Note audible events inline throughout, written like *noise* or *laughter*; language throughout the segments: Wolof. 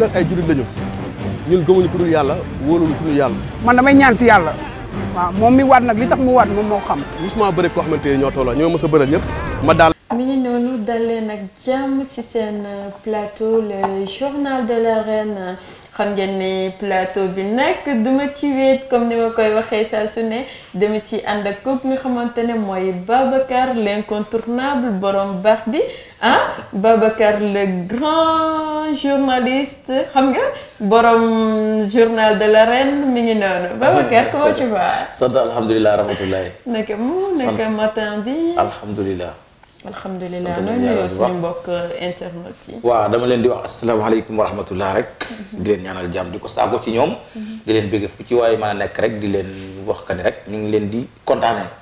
ñun nag ay jullit lañu ñun gëmuñu ku dul yàlla wóoluñu ku dul yàlla. man damay ñaan si yàlla. waaw moom mi waat nag li tax mu waat moom moo xam. musuma bëri koo xamante ne ñoo tolloo ñoo mës a bëral ñëpp ma daal. mi ngi noonu dalee nag jàmm ci seen euh, plateau le journal de l'arène xam ngeen ni plateau bi nag duma ci wéet comme ni ma koy waxee saa su ne dama ci ànd ak kooku nga xamante ne mooy Babacar l'incontournable borom baax bi. ah Babacar le grand journaliste xam nga borom journal de l'arène mi ngi noonu ah, Babacar comment tu vas. sant alhamdulilah rahmatullahi. naka mu naka matin bi alhamdulilah. alhamdulilah nooy nuyoo suñu mbokk internet yi. waaw dama leen di wax asalaamaaleykum wa rahmatullah rek. Mhm. di leen ñaanal jàmm di ko saako ci ñoom. Mhm. di leen bëgg fu ci waaye mën a nekk rek di leen wax ka ni rek ñu ngi leen di kontaanee.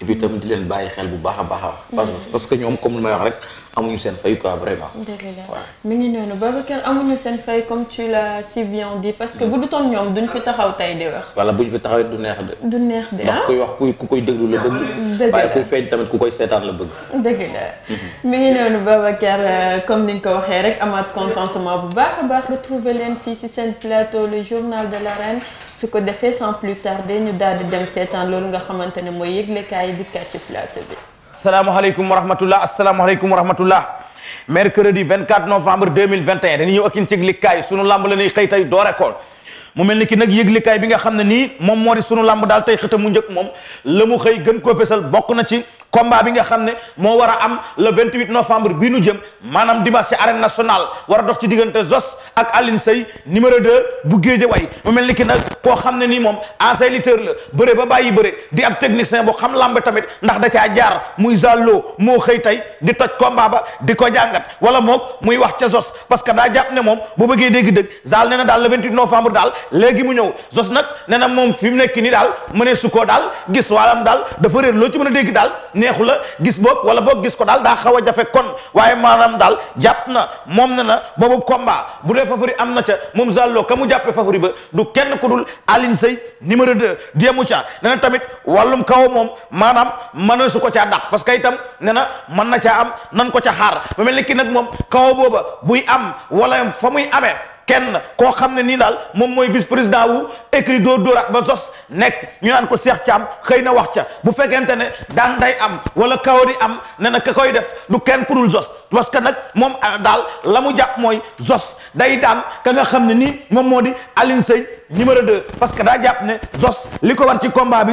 et puis itam di leen bàyyi xel bu baax a baax a mhm. parce que ñoom comme li rek. amuñu seen fay quoi vraiment. dëgg la mi ngi noonu Babacar amuñu seen fay comme tu la si bien di parce que bu du toon ñoom duñ fi taxaw tey di wax. voilà buñ fi taxawee du neex de. du neex de ndax ah. kuy wax ku koy déglu la bëgg. dëgg la waaye ku koy seetaan la bëgg. dëgg mhm. mi ngi noonu Babacar euh, comme ni nga ko waxee rek amaat contentement bu baax a baax retrouver leen fii si seen plateau le journal de l'arène su ko defee sant plus tarder ñu daal di dem seetaan loolu nga xamante ne mooy yëglekaay yi dikkaat ci bi. asalaamaaleykum wa rahmatullah asalaamaaleykum wa rahmatullah mercredi 24 novembre 2021 dañuy ñëw ak in ci yëglikaay sunu lamb la ñuy xëy tey doore kool mu mel ni ki nag yëglikaay bi nga xam ne nii moom moo di sunu làmb daal tey xëta mu njëkk moom la mu xëy gën koo fesal bokk na ci combat bi nga xam ne moo war a am vingt 28 novembre bii nu jëm maanaam dimanche ci arène nationale war a dox ci diggante Zoss ak Alioune Seye numéro 2 bu Guédiawaye mu mel ni nag koo xam ne nii moom ancien lutteur la bëre ba bàyyi bëre di ab technicien boo xam lambe tamit ndax da caa jaar muy zàlloo moo xëy tey di toj combat ba di ko jàngat wala moom muy wax ca sos parce que daa jàpp ne moom bu bëggee dégg-dëgg zaal nee na daal le 28 novembre daal léegi mu ñëw Zoss nag nee na moom fi mu nekk nii daal mënee su koo daal gis waalam daal dafa réer loo ci mën a dégg daal neexu la gis boog wala boog gis ko daal daa xaw a jafe kon waaye maanaam daal jàpp na moom na na boobu combat bu dee favori am na ca moom Zallo ka mu jàppee favori ba du kenn ku dul Alioune Seye de deux diemu ca ne na tamit wàllum kawa moom maanaam mën su ko caa dàq parce que itam ne na mën na caa am nan ko ca xaar ba mel ni kii nag moom kaw booba buy am wala fa muy amee kenn koo xam ne nii daal moom mooy vice président wu écrit doo dóoraat ba sos nekk ñu naan ko Cheikh Thiam xëy na wax ca bu fekkente ne daan day am wala kaw di am ne na ka koy def du kenn ku dul zos parce que nag moom ah, daal la mu jàpp mooy sos day daan ka nga xam ne nii moom moo di Alioune Seye numéro 2 parce que daa jàpp ne sos li ko war ci combat bi.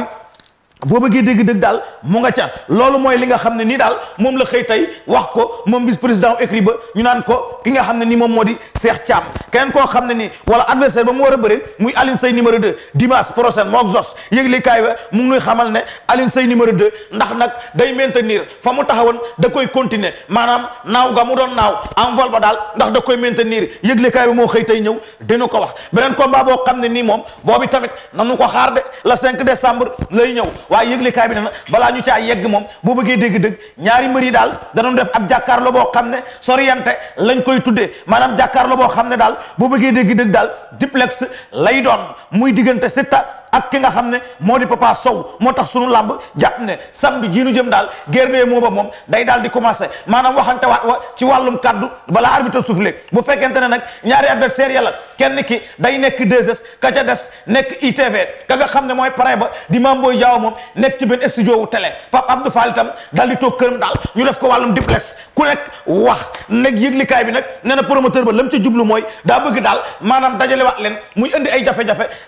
boo bëggee dégg-dégg daal mu nga ca loolu mooy li nga xam ne nii daal moom la xëy tey wax ko moom vice président écrit ba ñu naan ko ki nga xam ne nii moom moo di Cheikh Thiam keneen koo xam ne nii wala adversaire ba mu war a bëri muy Alioune Seye numéro 2 dimanche prochain moo zos yëgle kaay ba mu ngi nuy xamal ne Alioune Seye numéro 2 ndax nag day maintenir fa mu taxawoon da koy continuer maanaam naaw ga mu doon naaw en vol daal ndax da koy maintenir yëgle kaay moo xëy tey ñëw dina ko wax beneen combat boo xam ne nii moom boobu tamit nanu ko xaar de le 5 décembre lay ñëw waaye yëglekaay bi ne na balaa ñu caa yegg moom boo bëggee dégg-dëgg ñaari mbër yi daal danoon def ab jàkkaarloo boo xam ne soriyante lañ koy tuddee maanaam jàkkaarloo boo xam ne daal boo bëggee dégg-dëgg daal diplex lay doon muy diggante Siteu ak ki nga xam ne moo di Papa Sow moo tax sunu làmb jàpp ne samedi jiinu jëm daal guerre bee moo ba moom day daal di commencé maanaam waxante waat wa ci wàllum kaddu balaa arbitre soufflé bu fekkente ne nag ñaari adversaire yàlla kenn ki day nekk 2S ka ca des nekk ITV ka nga xam ne mooy pare ba di Mamboy Diaw moom nekk ci benn studio wu télé Pape Abdou Fall itam daal di toog këram daal ñu def ko wàllum duplex ku nekk wax nag yëglikaay bi nag nee na promoteur ba lam ca jublu mooy daa bëgg daal maanaam dajale waat leen muy indi ay jafe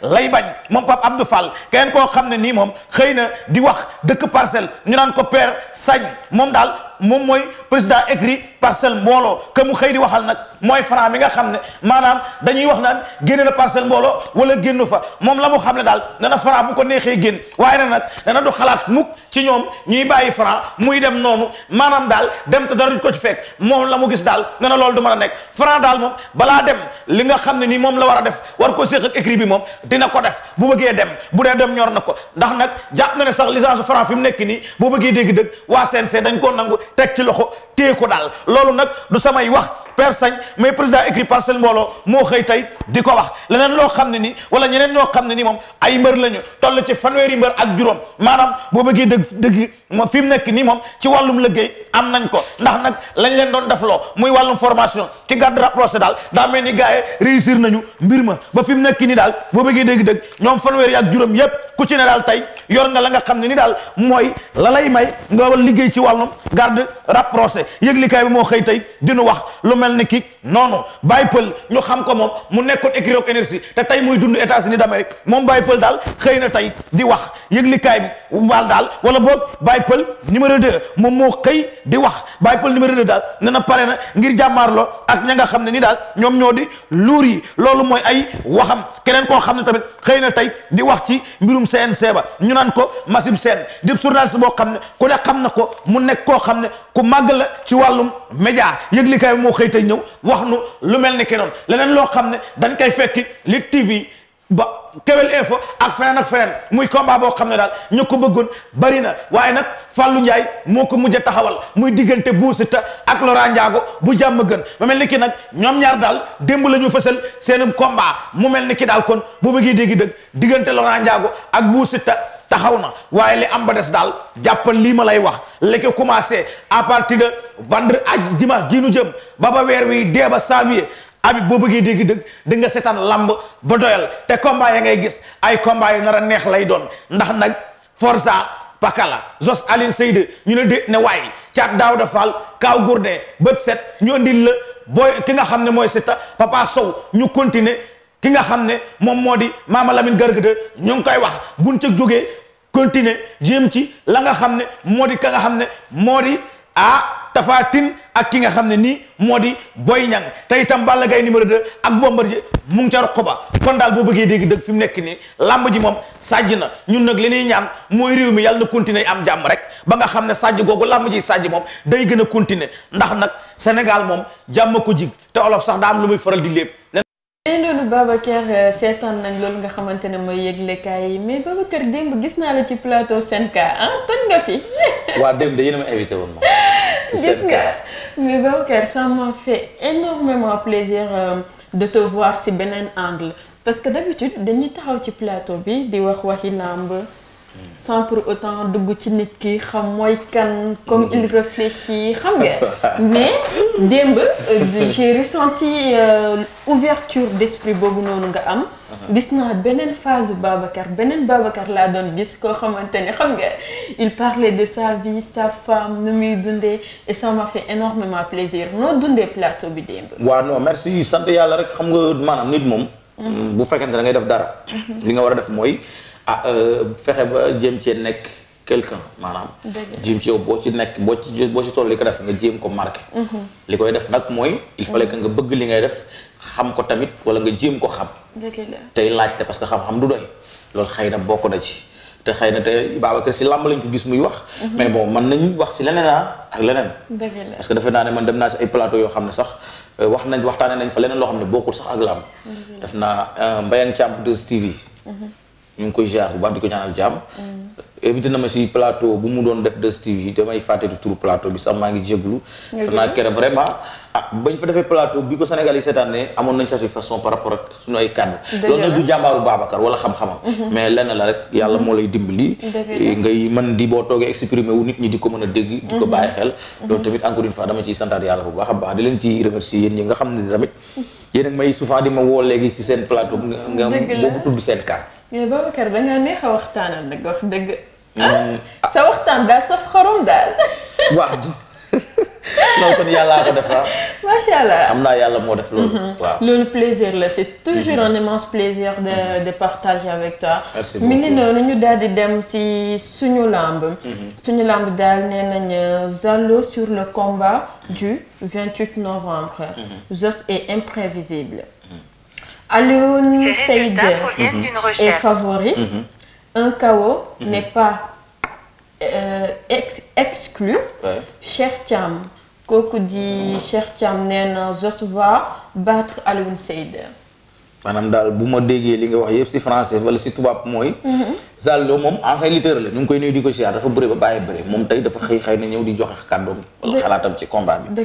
lay Abdou Fall keneen koo xam ne nii moom xëy na di wax dëkk parcelle ñu naan ko père Sagne moom daal moom mooy président écrit parcelle mbooloo que mu xëy di waxal nag mooy franc mi nga xam ne maanaam dañuy wax naan génne na parcelle mbooloo wala génnu fa moom la mu xam ne daal dana franc bu ko neexee génn waaye nag dana du xalaat mukk ci ñoom ñuy bàyyi franc muy dem noonu maanaam daal dem te dara du ko ci fekk moom la mu gis daal nee na loolu du mën a nekk franc daal moom balaa dem li nga xam ne nii moom la war a def war ko séq ak écrit bi moom dina ko def bu bëggee dem bu dee dem ñor na ko ndax nag jàpp na ne sax licence franc fi mu nekk nii bu bëggee dégg dëgg waa CNC dañ koo nangu teg ci loxo téye ko daal loolu nag du samay wax Père Sagne mais président écrit parcelle mbooloo moo xëy tey di ko wax leneen loo xam ne nii wala ñeneen ñoo xam ne nii moom ay mbër lañu toll ci fanweeri mbër ak juróom maanaam boo bëggee dëgg dëgg moom fi mu nekk nii moom ci wàllum liggéey am nañ ko ndax nag lañ leen doon defloo muy wàllum formation ci garde rapproché daal daa mel ni gars yi réussir nañu mbir ma ba fi mu nekk nii daal boo bëggee dëgg dëgg ñoom fanweeri ak juróom yépp ku ci ne daal tey yor nga la nga xam ne ni daal mooy la lay may nga war liggéey ci wàllum garde rapproché yëglikaay bi moo xëy tey dinu wax mel ni kii noonu Baye ñu xam ko moom mu nekkoon écurie Rock Énergie te tey muy dund États-Unis d'Amérique moom Baye Pël daal xëy na tey di wax yëglikaay bi waal daal wala boog Baye Pël numéro 2 moom moo xëy di wax Baye Pël numéro 2 daal ne na pare na ngir jàmmaarloo ak ña nga xam ne ni daal ñoom ñoo di luur yi loolu mooy ay waxam keneen koo xam ne tamit xëy na tey di wax ci mbirum seen seeba ñu naan ko Massib seen di journaliste boo xam ne ku ne xam na ko mu nekk koo xam ne ku màgg la ci wàllum média te ñëw wax nu lu mel ni ki noonu leneen loo xam ne dañ koy fekki li TV ba Kewel Info ak feneen ak feneen muy combat boo xam ne daal ñu ko bëggoon bari na waaye nag Fallou Ndiaye moo ko mujj a taxawal muy diggante buusita ak Laurent njaago bu jàmm gën mu mel ni ki nag ñoom ñaar daal démb lañu ñu fësal seen combat mu mel ni ki daal kon bu bëggee dégg dëgg diggante Laurent Ndiago ak buusita taxaw na waaye li am ba des daal jàppal lii ma lay wax léegi commencé à partir de vendredi ak dimanche ji nu jëm ba ba weer wii dee ba janvier abib boo bëggee dégg dëgg di nga seetaan lamb ba doyal te combat ya ngay gis ay combat yu nar a neex lay doon ndax nag Forza Pakala Jos Aline Seyde ñu ne dé ne waay caat Daouda Fall Kaaw Gourdin bët set ñu andil la booy ki nga xam ne mooy Siteu Papa Sow ñu continuer ki nga xam ne moom moo di Mama Lamine Gargade ñu ngi koy wax buñ ca jógee continuer jéem ci la nga xam ne moo di ka nga xam ne moo di ah tafaatin ak ki nga xam ne nii moo di Boy Niang te itam Balla gay numéro 2 ak Bombardier mu ngi ca roq ba kon daal boo bëggee dégg dëgg fi mu nekk nii làmb ji moom sàjj na ñun nag li ñuy ñaan mooy réew mi yàlla na continuer am jàmm rek ba nga xam ne sàjj googu làmb ji sàjj moom day gën a continuer ndax nag Sénégal moom jàmm ko jig te olof sax daa am lu muy faral di lépp. tey loolu Babacar euh, seetaan nañ loolu nga xamante ne mooy yëglekaay yi mais Babacar démb gis naa la ci plateau Senka ah toj nga fi. *laughs* waa démb de yéen a ma invité woon moom. gis nga mais Babacar ça m'a fait énormément plaisir euh, de te voir si beneen angle parce que d'habitude dañuy taxaw ci plateau bi di wax waxi làmb sans pour autant dugg ci nit ki xam mooy kan comme il mm-hmm. réfléchit xam nga *laughs* mais démb euh, j'ai ressenti euh, ouverture d'esprit boobu noonu nga am uh-huh. gis naa beneen phase bu Babacar beneen Babacar laa doon gis koo xamante ne xam nga il parlait de sa vie sa femme nu muy dundee e ça m'a fait énormément plaisir noo dundee plateau bi démb waaw non merci sant yàlla rek xam nga maanaam nit moom mm-hmm. bu fekkente da ngay def dara mm-hmm. li nga war a def mooy ah euh, fexe ba jéem cee nekk quelqu'un maanaam. jéem ci yow boo ci nekk boo ci boo ci toll li ko def nga jéem ko marqué. Mhm. li koy def nag mooy. il fallait que nga mhm. bëgg li ngay def xam ko tamit wala nga jéem ko xam. tey laajte parce que xam-xam du doy loolu xëy na bokk na ci. te xëy na te Babacar si làmb lañ ko muy wax. Mhm. mais bon mën nañ wax si leneen ah ak leneen. parce que defe naa ne man dem naa si ay plateau yoo xam ne sax euh, wax nañ waxtaanee nañ fa leneen loo xam ne bokkul sax ak làmb. def naa euh, Mbayang Thiam 2STV. ñu ngi koy jaar bu baax di ko ñaanal jàmm. Mm. évité na ma si plateau bu mu doon def 2STV damay fàtte di tur plateau bi sax maa ngi jéglu. xanaa kere vraiment. ah bañ fa defee plateau bi ko Sénégal yi seetaan ne amoon nañ satisfaction par rapport ak suñu ay kàddu. loolu nag du xam-xamam. Mm-hmm. mais la rek yàlla mm-hmm. moo lay dimbali. Eh, ngay mën di boo toogee exprimer wu nit ñi di ko mën a dégg. di ko mm-hmm. bàyyi xel. baax baax di leen ci nga xam ne tamit. may souvent di ma woo léegi seen plateau. nga nga boobu tudd seen kàddu mais Babacar da ngaa neex a waxtaanal nag wax dëgg. sa waxtaan daal saf xorom daal. waaw loolu kon yàllaa ko def ah. macha allah am naa yàlla moo def loolu. waaw loolu plaisir la c'est toujours mhm. un immense plaisir de mhm. de partager avec toi. merci beaucoup mi ngi noonu ñu daal di dem ci suñu lamb. Mhm. suñu lamb daal nee nañu Zallo sur le combat du 28 novembre. Zos est imprévisible. Alioune Seyde mhm. est favori. Mhm. Un KO mhm. n'est pas euh, ex exclu. Ouais. Cheikh Thiam kooku di Cheikh Thiam nee na Zoss battre Alioune Seyde. maanaam daal bu ma déggee li nga wax yëpp si français wala si tubaab mooy. Zallo moom ancien lutteur la ñu ngi koy nuyu di ko siyaar dafa bëre ba bàyyi bëre moom tey dafa xëy xëy na ñëw di joxe kàddoom. wala xalaatam ci combat bi.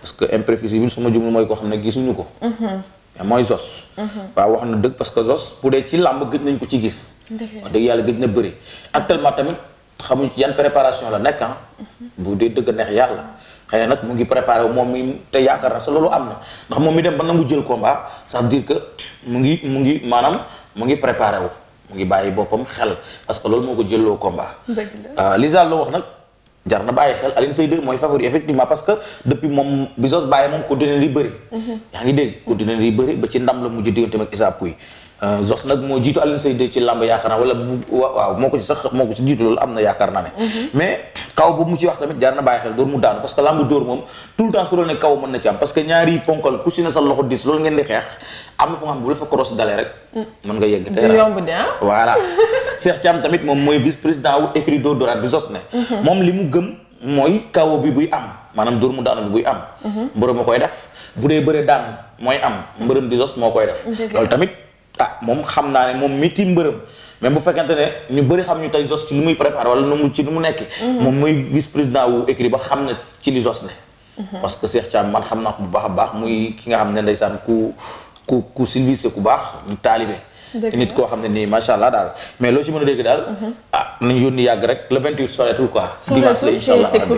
parce que imprévisible ma jumlu mooy ko xam ne gisuñu ko. Ah, mooy Zos. Mhm. waaw wax na dëgg parce que Zos bu dee ci làmb gëj nañ ko ci gis. wax dëgg yàlla gëj na bëri actuellement tamit xamuñ ci yan préparation la nekk ah. Mhm. bu dee dëgg neex yàlla xëy na nag mu ngi préparé wu moom mi te yaakaar na am ndax moom mi dem ba nangu jël combat ça veut dire mu ngi mu ngi maanaam mu ngi préparé wu mu ngi bàyyi boppam xel parce que loolu moo ko jëloo combat. dëgg la ah, Lisa loo wax nag. jar na bàyyi xel Alioune Seye 2 mooy favori effectivement parce que depuis moom Bizos bàyyi moom continué di bëri mhm. yaa ngi dégg continué di bëri ba ci ndam la mujj diggante ak Issa Pouye Euh, Zos nag moo jiitu Alioune Seye 2 ci làmb yaakaar naa wala waaw moo ko ci sax moo ko ci jiitu am tamit moom mooy vice président wu écrit dóor bi Zos ne mhm. moom li mu gëm mooy kawo bi buy am maanaam dóor mu daanu buy am mhm. mbërëm a koy def bu dee bëre daan mooy am mbërëm di Zos moo koy def loolu tamit ah moom xam naa ne moom miti mbërëm mais bu fekkente ne ñu bëri xam ñu tey Zoss ci lu muy préparé wala nu ci lu mu nekk mhm. moom muy vice président wu écrit ba xam ne ci li Zoss ne mhm. parce que Cheikh Thiam man xam naa ko bu baax a baax muy ki nga xam ne ndeysaan ku ku ku service ku baax ñu taalibe nit koo xam ne nii macha allah daal mais loo ci mën a dégg daal. Mhm. Ah, nañu yónni yàgg rek le 28 soreetul quoi.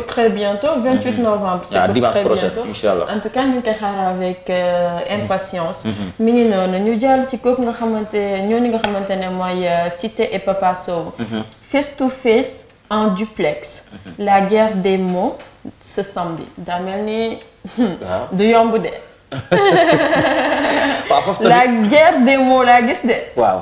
très bientôt novembre. c'est pour très bientôt incha mhm. ah, allah en tout cas ñu ngi koy xaar avec euh, mhm. impatience. mi ngi noonu ñu jàll ci kooku nga xamante ñooñu nga xamante ne mooy Siteu euh, et Papa Sow. face to face en duplex. la guerre des mots ce samedi daa mel ni. *laughs* Ah. du yomb de. waaw foofu la guerre des mots laa gis de. waaw.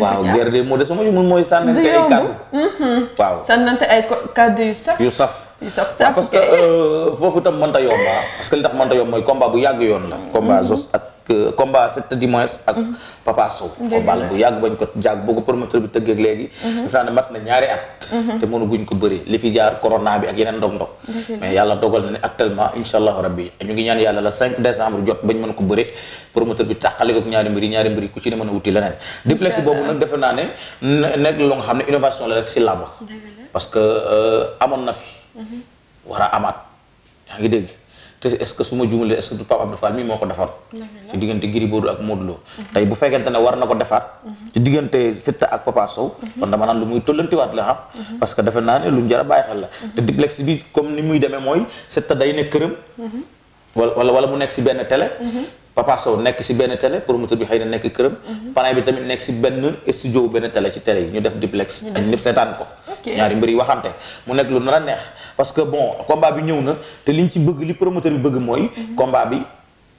waaw guerre des mots de sama mooy sànnante ay kàddu. Mhm. waaw sànnante ay kàddu yu saf. yu saf yu saf saf parce que euh, foofu itam mënta yomba parce que li tax mënta yomb mooy combat bu yàgg yoon la. combat mhm. Zoss ak. combat sept du moins ak mhm. Papa Sow combat la bu yàgg bañ ko jàgg boo ko promoteur bi tëggeeg léegi mhm. def naa ne mat na ñaari at mhm. te mënu guñ ko bëri li fi jaar corona bi ak yeneen ndog ndog mais yàlla dogal na ne actuellement insha allahu rabbi ñu ngi ñaan yàlla la 5 décembre jot bañ mën ko bëri promoteur bi tàqale ko ñaari mbir ñaari mbir ku ci ne mën a wuti leneen duplex boobu nag defe naa ne nekk lu nga xam ne innovation la rek si làmb parce euh, a te est-ce que su ma juumale est-ce que du Pape Abdou Fall mii moo ko defar ci diggante Gris ak Modou Lo bu fekkente ne war na ko defaat mhm. ci diggante Siteu ak Papa Sow mhm. kon dama naan lu muy tollantiwaat la xam ah. mhm. parce que defe naa ne lu ñu jar a bàyyi xel la te duplex bi comme ni muy demee mooy Siteu day ne këram wala wala mu nekk si benn télé Papa Sow nekk si benn télé promoteur bi xëy na nekk këram parrain bi tamit nekk si benn studio benn télé ci yi ñu def duplex ak ñëpp ko ñaari mbër yi waxante mu nekk lu nar a neex parce que bon combat bi ñëw na te liñ ci bëgg li promoteur bi bëgg mooy mhm. combat bi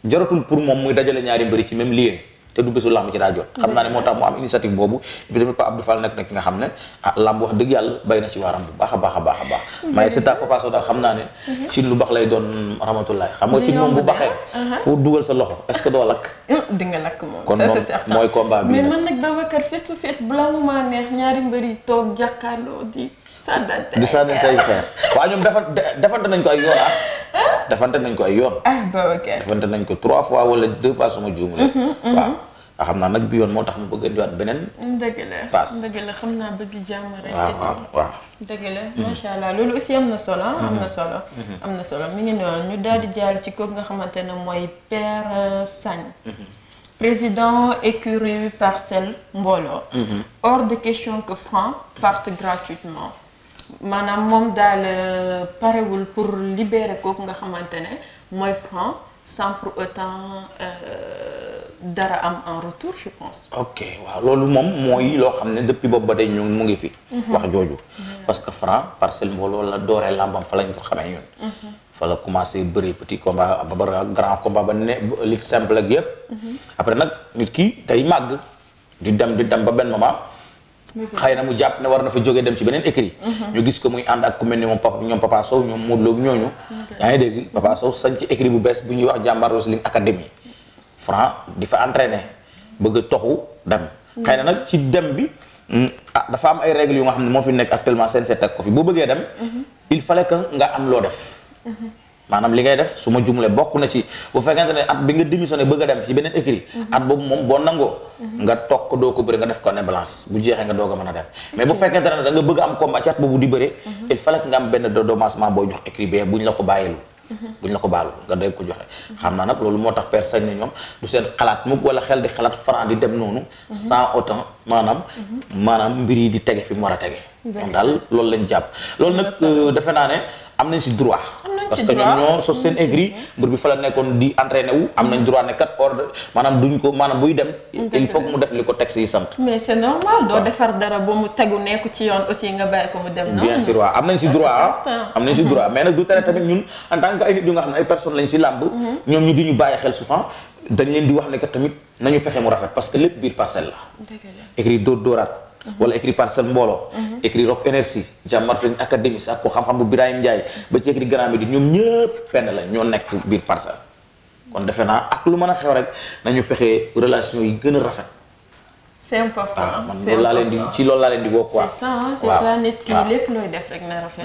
jaratul pour moom muy dajale ñaari mbëri yi ci même lieu te du bésu lamb ci daa mm-hmm. xam naa ne moo tax mu am initiative boobu bi tamit Pape Abdou Fall nekk nag nga xam ne ah lamb wax dëgg yàlla bay na ci waaram bu baax a baax a baax a baax mm-hmm. mais c'est à Papa Sow daal xam naa ne mm-hmm. ci lu baax lay doon rahmatullahi xam nga ci moom bu baaxee fu dugal sa loxo est-ce que doo lakk mm, di nga lakk kon moom mooy combat bi mais man nag Babacar face to face bu la mu di sànnante di sànnante ay xeer waaw ñoom defan defante nañ ko ay yoon ah. Ah? defante nañ ko ay yoon ah Babacar nañ ko trois fois wala deux fois suma juumule waaw a ah, xam naa nag bi yoon moo tax mu bëgg a diwaat beneen. dëgg la xam naa bëgg jàmm rek. waaw ah, waaw waaw. dëgg la hmm. macha allah loolu aussi am na solo. am na hmm. solo hmm. am na solo mi ngi ñu daal di jaar ci kooku nga xamante ne mooy Père euh, Sagne. président écurie parcelle mbooloo. hors de question que Franc parte gratuitement. maanaam moom daal euh, parewul pour libérer kooku nga xamante ne mooy Franc sans pour autant. Euh, dara am en retour je ok waaw loolu moom mooy loo xam ne depuis boobu ba day ñu mu ngi fi. Mhm. wax jooju. Mhm. parce que parcel parcelle loolu la dooree làmbam fa lañ ko xamee ñun. Mhm. fa la commencé bëri petit combat ba grand combat ba ne li simple ak yëpp. après nag nit kii day màgg di dem di dem ba benn moment. xëy na mu jàpp ne war na fa jógee dem ci beneen écrit ñu gis ko muy ànd ak ku mel ni moom papa Sow ñoom Modou Lo ñooñu. yaa ngi dégg papa Sow sañ ci écrit bu bees bu ñuy wax jàmbaar wrestling academy Franc di fa entraîner bëgg a toxu dem. xëy na nag ci dem bi ah dafa am ay règles yu nga xam ne moo fi nekk actuellement seen seet ak ko fi boo bëggee dem. il fallait que nga am loo def. maanaam li ngay def su ma jumlee bokk na ci bu fekkente ne at bi nga démissionné bëgg a dem ci beneen écrit moom boo nangoo nga tokk doo ko bëri nga def ko ne balance bu jeexee nga doog a mën a dem mais bu fekkente ne da a am combat ci at boobu di jox écrit bee bu ñu la ko bàyyilu buñ la ko baalul nga day ko joxe xam naa nag loolu moo tax per sañ na ñoom du seen xalaat mukk wala xel di xalaat franc di dem noonu mhm. sans autant maanaam mhm. maanaam mbir yi di tege fi mu war a tege ñoom daal loolu lañ jàpp loolu nag euh, defe naa ne am nañ si droit parce que ñoom ñoo sos seen aigri mbir bi fa la nekkoon di entraîné wu am nañ mm-hmm. droit ne kat ordre maanaam duñ ko maanaam buy dem il faut que mu def li ko texte yi sant mais c'est normal doo defar dara ba mu tegu nekk ci yoon aussi nga bàyyi ko mu dem noonu bien sûr waaw am nañ si droit am nañ si mm-hmm. droit mais nag du tere tamit mm-hmm. ñun en tant que ay nit yu nga xam ne ay personnes lañ si làmb ñoom ñu di ñu bàyyi xel souvent di wax ne kat tamit nañu fexe mu rafet parce que lépp biir parcelle la aigri dóor wala écrit parcelle mbooloo mhm. écrit rock énergie Jean Martin académie ak ko xam-xam bu Birahim Ndiaye ba ci écrit grand ñoom ñëpp benn la ñoo nekk biir parcelle kon defe naa ak lu man a xew rek ñu fexe relation yi gën a rafet c'est important ah, man loolu ci loolu laa leen di woo quoi. c'est ça c'est ça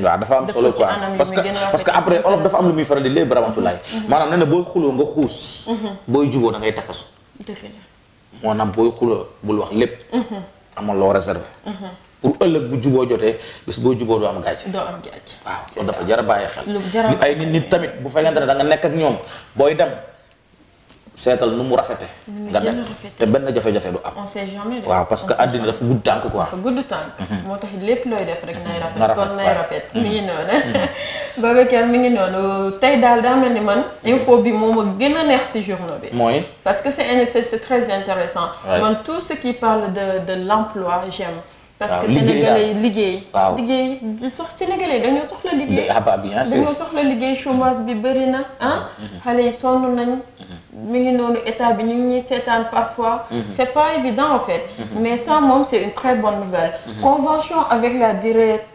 waaw dafa am solo quoi parce que parce que après olof dafa am lu muy faral di lee baramatullaay. Mhm. Mhm. maanaam nee booy xuloo nga xuus. booy juboo da ngay tafasu. dëgg la moo naam booy xuloo bul wax lépp. amal loo réservé. pour ëllëg bu juboo jotee bis boo juboo doo am gàcce. doo am gàcce waaw kon dafa jar a bàyyi xel. ay nit nit tamit bu fekkente ne da nga nekk ak ñoom booy dem. seetal nu mu rafete nga nekk te benn jafe-jafe du am. parce que àddina dafa gudd tànk quoi. dafa mhm. moo tax lépp looy def rek. nay mhm. rafet kon nay rafet. Mhm. mi ngi noonu. *laughs* Babacar mi ngi noonu tey daal daa ni man info bi moom a gën a neex ci journal bi. mooy parce que c'est c'est très intéressant man tout ce qui parle de l'emploi j'aime. parce que sénégalais yi liggéey. waaw liggéey sox sénégalais yi dañoo soxla liggéey. Ah, dañoo soxla liggéey chômage bi bëri na ah. xale mi ngi noonu état bi ñu ngi ñuy seetaan parfois. Mhm. c' est pas évident en fait. Mhm. mais ça est une très bonne nouvelle. Mhm. convention avec la direc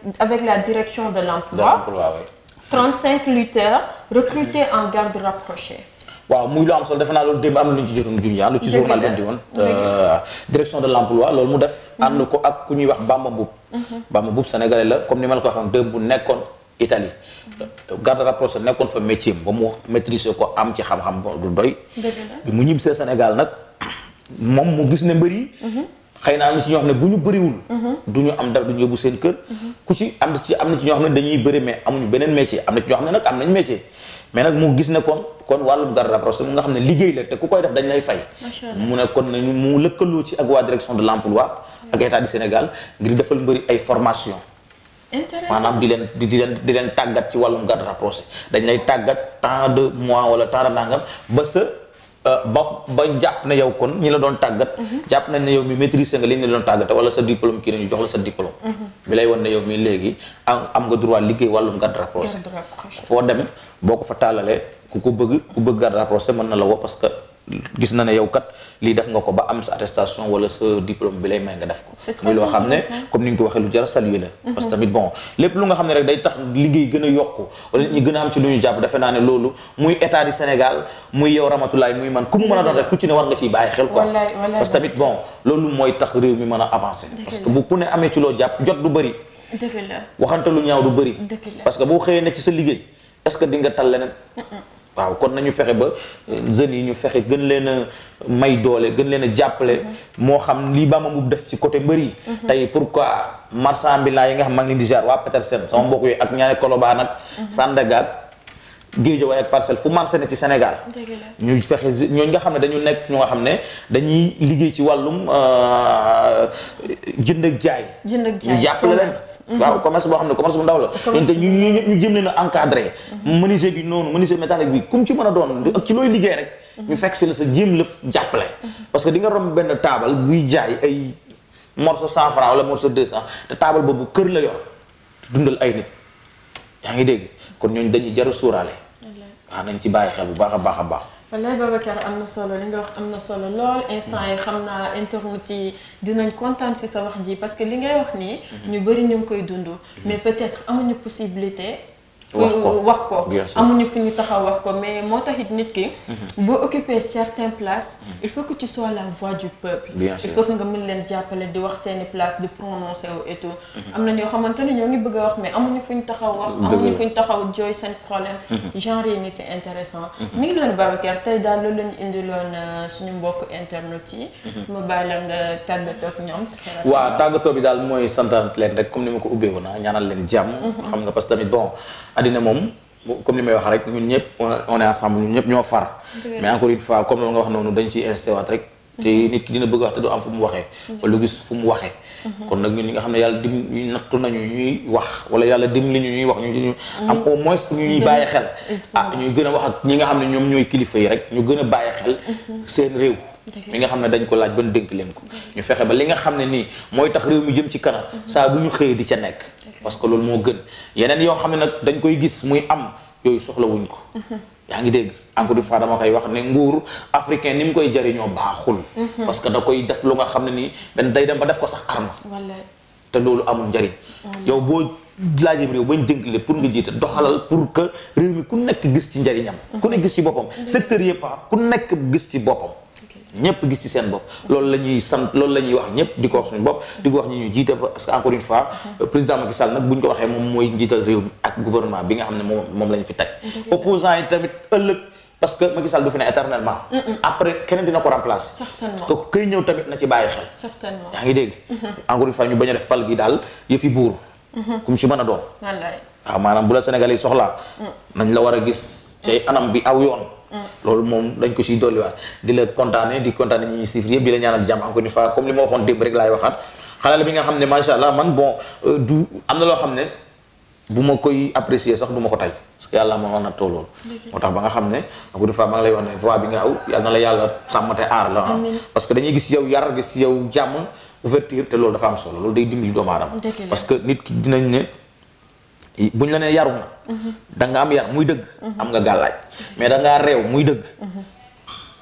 la direction de l' emploi. 35 lutteurs recrutés en garde rapprochée. waaw muy lu am solo defe naa loolu démb am na lu ñu ci jotoon junjaa ah, lu ci journal bi di euh, direction de l' emploi loolu mu def ànd ko ak ku ñuy wax Bamba Mboub Bamba Mboub sénégalais la comme ni ma la ko waxee démb bu nekkoon Italie garde rapproché nekkoon fa métier ba mu maîtriser ko am ci xam-xam du doy bi mu ñibbisee Sénégal nag moom mu gis ne mbër yi mhm. xëy na am na ci ñoo xam ne bu ñu bëriwul mhm. du am dara du ñu yóbbu seen kër mhm. ku ci am ci am na ci ñoo xam ne dañuy bëri mais amuñu beneen métier am na ci xam ne nag am nañ métier mais nag mu gis ne kon kon wàllum garde rapproché mu nga xam ne liggéey la te ku koy def dañ lay fay mu ne kon nañu mu lëkkaloo ci ak waa direction de l'emploi ak état du Sénégal ngir defal mbëri ay formation maanaam di leen di leen di leen tàggat ci wàllum garde rapproché dañ lay tàggat tant de mois wala tant de nangam ba sa euh, ba ba jàpp na yow kon ñi la doon tàggat mhm. jàpp nañ ne yow mi maîtrise nga li ñu la doon tàggat wala sa diplôme kii nañu jox la sa diplôme bi mhm. lay wan ne yow mi léegi am nga droit liggéey wàllum garde rapproché foo dem boo ko fa tàllalee ku ko bëgg ku bëgg garde rapproché mën na la woo gis na ne yow kat lii def nga ko ba am sa attestation wala sa diplôme bi lay may nga def ko muy loo xam ne comme ni ñu ko waxee lu jar a la mm-hmm. parce tamit bon am ne loolu muy état du Sénégal muy yow Ramatoulaye muy man ku mu mën a doon rek ku ci ne war nga ciy bàyyi xel quoi parce mooy tax réew mi mën a avancer parce que bu ku ne amee ci loo jàpp jot du bëri waxante lu ñaaw du bëri parce boo xëyee ne ci sa liggéey est-ce que di tal leneen waaw kon nañu fexe ba euh, jeunes yi ñu fexe gën leen a may doole gën leen a jàppale mm-hmm. moo xam lii ma Mbuub def ci côté mbëri yi mm-hmm. tey pourquoi marchand ambulant yi nga xam mag ni di jaar waa Petersen sama mbokk yi ak ñaari Colobane nag mm-hmm. Sandaga Géejawaay ak parcelle fu marché ne ci Sénégal ñu fexe ñooñu nga xam ne dañu nekk ñu nga xam ne dañuy liggéey ci wàllum euh, jënd ak jaay ñu jàppale leen mhm. waaw commerce boo xam ne commerce bu ndaw la ñun te jëm leen a encadré mhm. menuisier bi noonu menuisier métallique bi comme ci mën a doon ak ci looy liggéey rek ñu mhm. fekk si la sa jéem la jàppale parce que di nga romb benn taabal buy jaay ay morceau cent franc wala morceau de cent te taabal boobu kër la yor dundal ay nit yaa ngi dégg kon ñooñu dañuy jar a suuraale. waaw nañ ci bàyyi xel bu baax a baax a baax. wallaay Babacar am na solo li nga wax am na solo lool instant yi xam naa internet yi dinañ kontaan si sa wax ji parce que li ngay wax nii. Mhm. ñu bëri ñu ngi koy dund. Mhm. mais peut-être amuñu possibilité. Euh, wax ko amuñu fi ñu taxaw wax ko mais moo taxit nit ki mhm. boo occuper certaines places mhm. il faut que ci sois la voix du peuple il faut que nga mën leen jàppale di wax seeni place di prononcer wu et tout mhm. am na ñoo xamante ne ñoo ngi bëgg a wax mais amuñu fu ñu taxaw wax amuñu fu ñu taxaw jooy seen problème genre yi nii c'est intéressant mi ngi loon Babacar tey daal loolu lañu indi loon euh, suñu mbokk internet yi ma bàyyi la nga tàggatoo ak ñoom waa tàggatoo bi daal mooy santaat leen rek comme ni ma ko ubbee woon ah, leen jàmm xam nga parce que tamit àddina moom comme li may wax rek ñun ñëpp on est ensemble ñun ñëpp ñoo far mais encore une fois comme loolu nga wax noonu dañ ciy insisté waat rek te mhm. nit ki dina bëgg wax te du am fu mu waxee wala mhm. lu gis fu mu waxee mhm. kon nag ñun ñi nga xam ne yàlla dim nattu nañu ñuy wax wala yàlla dim li ñu ñuy wax ñu am au moins ñu ñuy bàyyi xel ah ñuy gën a wax ak ñi nga xam ne ñoom ñooy kilifa yi rek ñu gën a bàyyi xel seen réew mi nga xam ne dañ ko laaj ban dénk leen ko ñu fexe ba li nga xam ne nii mooy tax réew mu jëm ci kanam saa bu ñu xëyee di ca nekk parce que loolu moo gën yeneen yoo xam ne nag dañ koy gis muy am yooyu soxlawuñ ko yaa ngi dégg encore du fois dama koy wax ne nguur africain ni mu koy jariñoo baaxul parce que da koy def lu nga xam ne nii benn day dem ba def ko sax arma te loolu amul njariñ yow boo laajib réew bañ dénk le pour nga jiite doxalal pour que réew mi ku nekk gis ci njariñam ku ne gis ci boppam mm-hmm. secteur yëpp ku nekk gis ci boppam ñëpp gis ci seen bopp loolu la ñuy sant loolu la ñuy wax ñëpp di ko wax suñu bopp di wax ñi ñu jiite parce que encore une fois mhm. président Macky Sall nag bu ñu ko waxee moom mooy fi teg opposant yi tamit ëllëg parce que Macky Sall du fi ne éternellement après keneen dina ko remplacer ko këy ñëw tamit na ci bàyyi xel yaa ngi dégg mm-hmm. encore une fois ñu bañ def pal gi daal yëfi buur mm-hmm. kum ci mën a doon waaw ah, maanaam bu la Sénégal yi soxlaa mm. nañ la war a gis loolu moom dañ ko siy dolliwaat di la kontaane di kontaane ñi ñuy yëpp di la ñaanal jàmm encore une fois comme li ma waxoon démb rek laay waxaat xale bi nga xam ne macha allah man bon euh, du am na loo xam ne bu ma koy apprécier sax du ma ko tay parce que yàlla ma war na loolu. moo tax ba nga xam ne encore une fois maa ngi lay wax ne voix bi nga aw yàlla na la yàlla sàmm te aar la ah. parce que dañuy gis yow yar gis yow jàmm ouverture te loolu dafa am solo loolu day dimbali parce que nit ki dinañ ne buñ la nee yaru na mhm. da am yar muy dëgg mhm. am nga gàllaaj mais da ngaa muy dëgg mhm.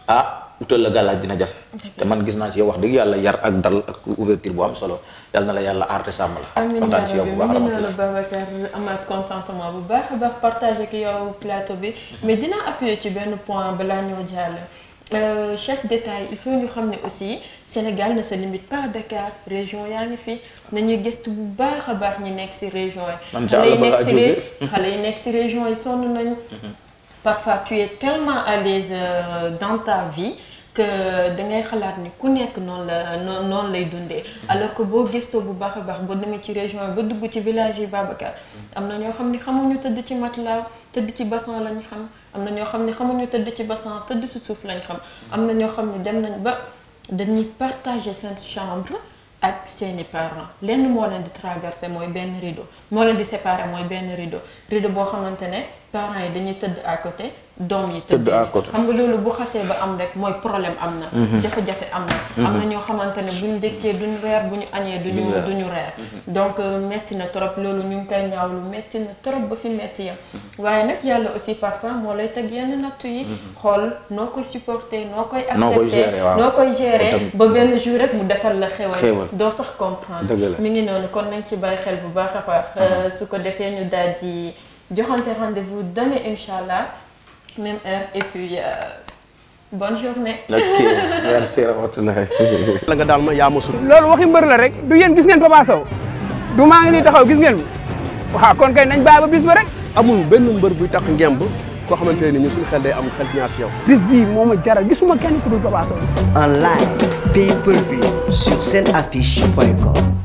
ah utal la gàllaaj dina jafe te man gis naa ci yow wax dëgg yàlla yar ak dal ak ouverture bu am solo yàlla na la yàlla aar te sàmm la kontaan ci yow bu baax la Babacar amaat contentement bu baax a baax partagé yow plateau bi mais dinaa appuyer ci benn point balaa ñoo jàll Euh, chef détail il faut ñu xam ne aussi Sénégal ne se limite pas à Dakar région yaa ngi fi nañuy gëstu bu baax a baax ñi nekk ci région yi. xale yi nekk ci xale yi nekk ci région yi sonn nañu. Mhm. parfois tu es tellement à l'aise euh, dans ta vie. que dangay xalaat ni ku nekk noonu la noonu lay dundee mm-hmm. alors ko boo gëstoo bu baax a baax boo demee ci région ba dugg ci village yi Babacar mm-hmm. am na ñoo xam ni xamuñu tëdd ci matelas tëdd ci bassin lañ xam am na ñoo xam ni xamuñu tëdd ci bassin tëdd ci suuf lañ xam mm-hmm. am na ñoo xam ni dem nañ ba dañuy partager seen chambre ak seeni parent lenn moo leen di traversé mooy benn rideau moo leen di séparé mooy benn rideau rideau boo xamante ne parents yi dañuy tëdd à côté doom yi tëdd à côté xam nga loolu bu xasee ba am rek mooy problème am na mhm. jafe-jafe am na mhm. am na ñoo xamante ne buñ dëkkee duñ reer bu ñu añee duñu duñu reer mhm. donc euh, metti na trop loolu ñu ngi koy ñaawlu metti na trop ba fi metti ya waaye nag yàlla aussi parfois moo lay teg yenn nattu yi xool noo koy supporter noo koy accepter noo koy gérer ba benn jour rek mu defal la xewal doo sax comprendre mi ngi noonu kon nañ ci bàyyi joxante rendez-vous demain inchallah même heure et puis euh, journée. ok merci rahmatulah. *laughs* la nga daal ma yaa ma sut. loolu waxi mbër la rek du yéen gis ngeen Papa Sow du maa ngi nii taxaw gis ngeen ko waaw kon kay nañ bàyyi ba bis ba rek. amul benn mbër buy tax ngemb koo xamante ne ñun suñu xel day am xel ñaar si yow. bis bi moo ma jaral gisuma kenn ku dul Papa en live pay per view sur seen affiche point com.